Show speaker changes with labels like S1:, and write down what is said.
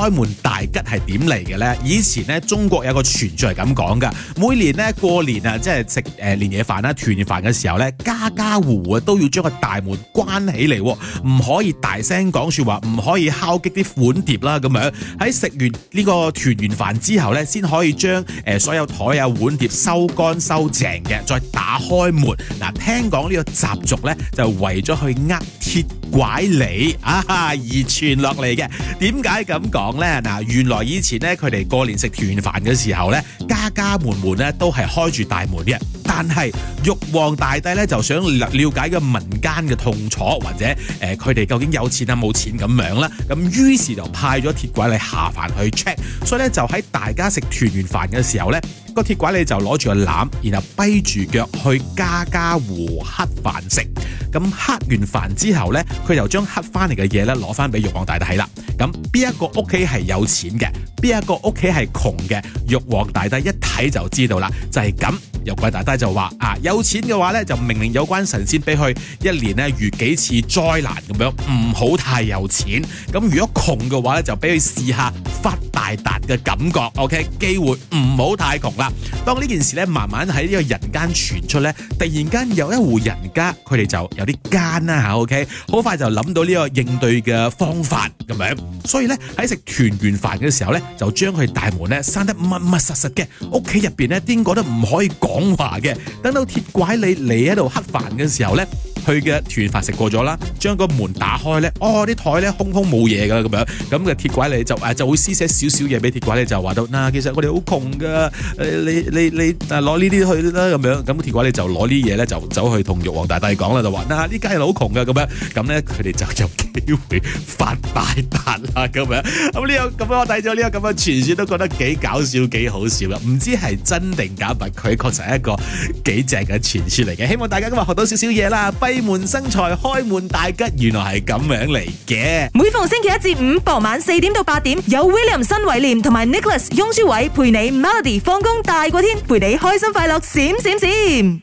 S1: 開門大吉係點嚟嘅咧？以前咧，中國有個傳說係咁講噶。每年咧，過年啊，即係食誒年夜飯啦、團年飯嘅時候咧。家戶啊都要將個大門關起嚟，唔可以大聲講說話，唔可以敲擊啲碗碟啦。咁樣喺食完呢個團圓飯之後呢，先可以將誒所有台啊碗碟收乾收淨嘅，再打開門。嗱，聽講呢個習俗呢，就為咗去呃鐵拐李啊而傳落嚟嘅。點解咁講呢？嗱，原來以前呢，佢哋過年食團圓飯嘅時候呢，家家門門呢都係開住大門嘅。但係玉皇大帝咧，就想了解個民間嘅痛楚，或者誒佢哋究竟有錢啊冇錢咁樣啦，咁於是就派咗鐵拐李下凡去 check，所以咧，就喺大家食團圓飯嘅時候呢，那個鐵拐李就攞住個籃，然後跛住腳去家家戶戶乞飯食。咁乞完飯之後呢，佢就將乞翻嚟嘅嘢呢，攞翻俾玉皇大帝睇啦。咁邊一個屋企係有錢嘅，邊一個屋企係窮嘅，玉皇大帝一睇就知道啦。就係、是、咁，玉皇大帝就話啊，有錢嘅話呢，就命令有關神仙俾佢一年呢遇幾次災難咁樣，唔好太有錢。咁如果窮嘅話呢，就俾佢試下。發大達嘅感覺，OK，機會唔好太窮啦。當呢件事咧慢慢喺呢個人間傳出咧，突然間有一戶人家，佢哋就有啲奸啦吓，OK，好快就諗到呢個應對嘅方法咁樣，所以咧喺食團圓飯嘅時候咧，就將佢大門咧閂得密密實實嘅，屋企入邊咧邊個都唔可以講話嘅。等到鐵拐李嚟喺度乞飯嘅時候咧。佢嘅團飯食過咗啦，將個門打開咧，哦，啲台咧空空冇嘢噶啦咁樣，咁嘅鐵拐李你就誒就會施捨少少嘢俾鐵拐李咧，就話到，嗱，其實我哋好窮噶，誒你你你啊攞呢啲去啦咁樣，咁鐵拐李你就攞呢啲嘢咧就走去同玉皇大帝講啦，就話，嗱呢家係好窮噶咁樣，咁咧佢哋就有機會發大達啦咁樣，咁呢個咁樣我睇咗呢個咁嘅傳説都覺得幾搞笑幾好笑啦，唔知係真定假但，佢確實係一個幾正嘅傳説嚟嘅，希望大家今日學到少少嘢啦。閉門生財，開門大吉，原來係咁樣嚟嘅。每逢星期一至五傍晚四點到八點，有 William 新偉廉同埋 Nicholas 雍舒偉陪你 Melody 放工大過天，陪你開心快樂閃閃閃。閃閃閃